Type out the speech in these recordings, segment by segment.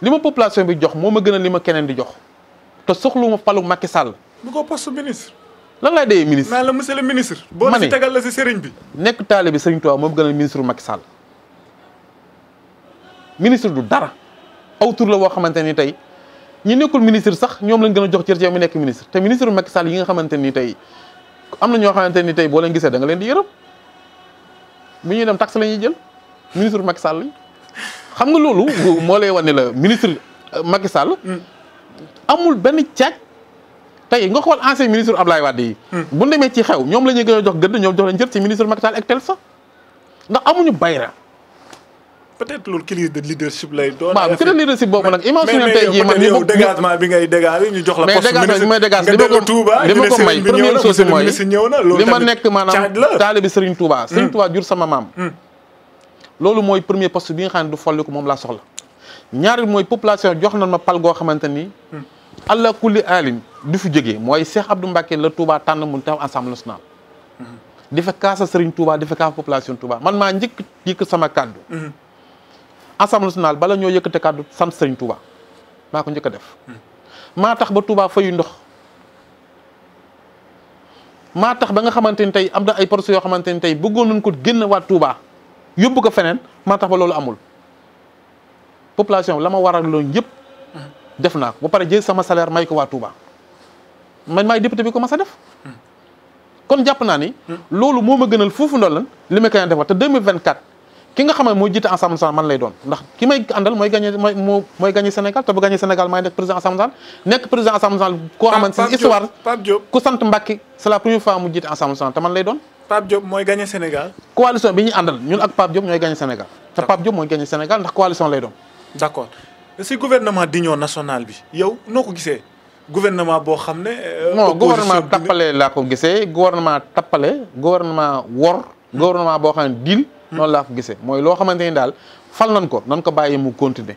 lima population bi jox moma gëna lima kenen di jox te soxlu ma falu Macky Sall. bu ko poste ministre. lan lay dee ministre naan la monsieur le ministre. bo ci tégal la ci sëriñ bi. nek talibi Sëriñ Tuubaa moo gëna ministre Macky Sall ministre du dara autour la wo xamanteni tay ñi nekul ministre sax ñom lañ gëna jox ci ci mi nek ministre te ministre Macky Sall yi nga xamanteni tay amna ño xamanteni tay bo leen gisé da nga leen di yërëm bu ñu dem taxe la jël ministre Macky Sall xam nga lolu mo lay wone la ministre euh, Macky Sall amul ben tiak tay nga xol ancien ministre Abdoulaye Wade hmm. bu ndeme ci xew ñom lañu gëna jox gëdd ñom jox lañu jër ci ministre Macky Sall ak tel sa ndax amuñu bayra peut-être loolu crise de leadership lay doon. waaw crise de leadership boobu nag imagine tey jii man yow dégagement bi ngay dégagé ñu jox la poste ministre mais dégagement bi may dégagé li ma ko may première chose mooy li ma nekk maanaam Serigne Touba Serigne hmm. Touba jur sama maam hmm loolu moy premier poste bi nga xamne du folli ko moom la soxla ñaari moy population jox na ma pal go xamanteni ni. Hmm. allah kulli alim du fi jógee moy Cheikh Abdou Mbacké le Touba tan mu taw ensemble national hmm. di fa kaasa Serigne Touba di fa population Touba man ma ñik dik sama cadeau ensemble hmm. national bala ñoo yëkëte cadeau sant Serigne Touba ma ko njëkk def. ma tax ba Touba fayu ndox. ma tax ba nga xamanteni tay tey am ay projets yo xamanteni tay bëggoon nañ ko génn wa Touba yobbu ko fenen man tax ba loolu amul population lama la ma waral loolu yëpp def na ko ba pare jël sama salaire may ko wa Touba man may député bi ko mas def. kon japp na ni. lolu moma ma gënal foofu ndoolan limi kay def te 2024 ki nga xamé ne jitté ensemble sama man lay doon ndax ki may andal moy gagné moy moy gagné Sénégal te bu gagné Sénégal may nek président ensemble sama nek président ensemble sama ko xamante ni histoire ku sante mbacké c'est la première fois mu jitté ensemble sama te man lay doon. Pape Diop mooy gagné Sénégal. coalition bi ñu àndal ñun ak Pape Diop ñooy gagné Sénégal. te Pape Diop mooy gagné Sénégal ndax coalition lay doon. d' si gouvernement di d'union nationale bi yow noo ko gisee gouvernement boo xam ne. Euh, non gouvernement tappale laa ko gisee gouvernement tappale gouvernement wor. gouvernement boo xam ne diil. Hmm. noonu laa ko gisee mooy loo xamante ni daal fal nan ko nan ko bàyyi mu continuer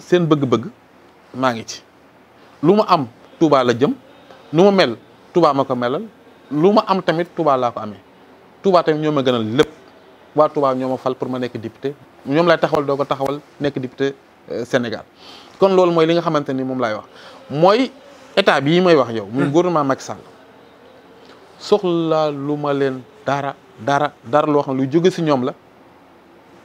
seen bëgg-bëgg maa ngi ci lu ma am Touba la jëm nu ma mel Touba ma ko melal lu ma am tamit Touba laa ko amee Touba tamit ñoo ma gënal lépp waa Touba ñoo ma fal pour ma nekk député ñoom lay taxawal doo ko taxawal nekk député euh, Sénégal kon loolu mooy li nga xamante ni moom laay wax mooy état bii may wax yow. muy hmm. gouvernement Macky Sall soxla lu ma leen dara dara dara loo xam ne lu jóge si ñoom la.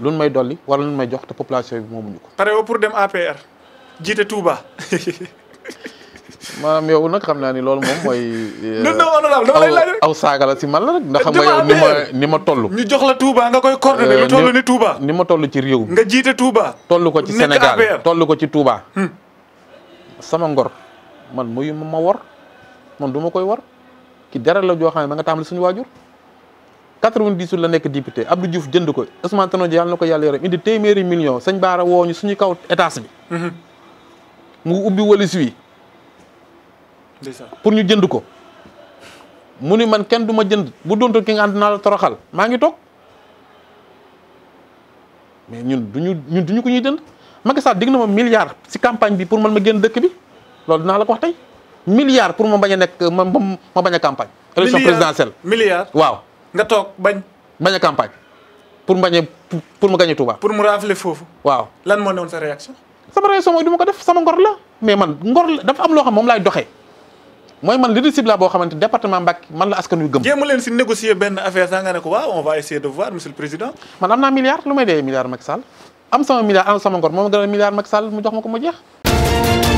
luñ may doli wala luñ may jox te population bi moomuñu ko. pare woo pour dem APR jité Touba. maanaam yow nak xamna ni lool mom moy non non honorable dama lay laaj aw saga la ci man la rek ndax xam nga yow ni ma ni ma toll. ñu jox la Touba nga koy coordonner lu tollu ni Touba. ni ma toll ci rew nga jité Touba. tollu ko ci Sénégal tollu ko ci Touba. Hmm. sama ngor man muyu ma wor man duma koy wor ki dara la jo xam ma nga tamal suñu wajur 90 la nek député Abdou Diouf jënd ko Ousmane tanon Dieng yàlla na ko yaram indi téméré million sëñ Baara woñu suñu kaw état bi. Mhm. mu ubbi walis wi. pour ñu jënd ko. mu ni man kenn duma jënd bu doontoon ki nga ànd naa la toroxal ma ngi tok mais ñun duñu ñun duñu ko ñuy jënd Macky Sall ma milliard si campagne bi pour man ma gën dëkk bi lolou na la ko wax tay milliard pour ma baña nek ma baña campagne. élection présidentielle milliard waaw nga tok bañ. baña campagne pour baña pour mu gagner Touba. pour mu rafler fofu waaw lan mo non sa réaction. sama réaction moy duma ko def sama ngor la mais man ngor la dafa am lo xam mom lay doxé moy man leadership la bo xamanteni département Mbacké man la askan wi gëm. jéem a leen si négocier ben affaire sa nga ne ko waaw on va essayer de voir monsieur le président. man amna milliard lu may dee milliard Macky Sall am sama milliard am sama ngor mom gën milliard Macky Sall mu jox mako mu jeex.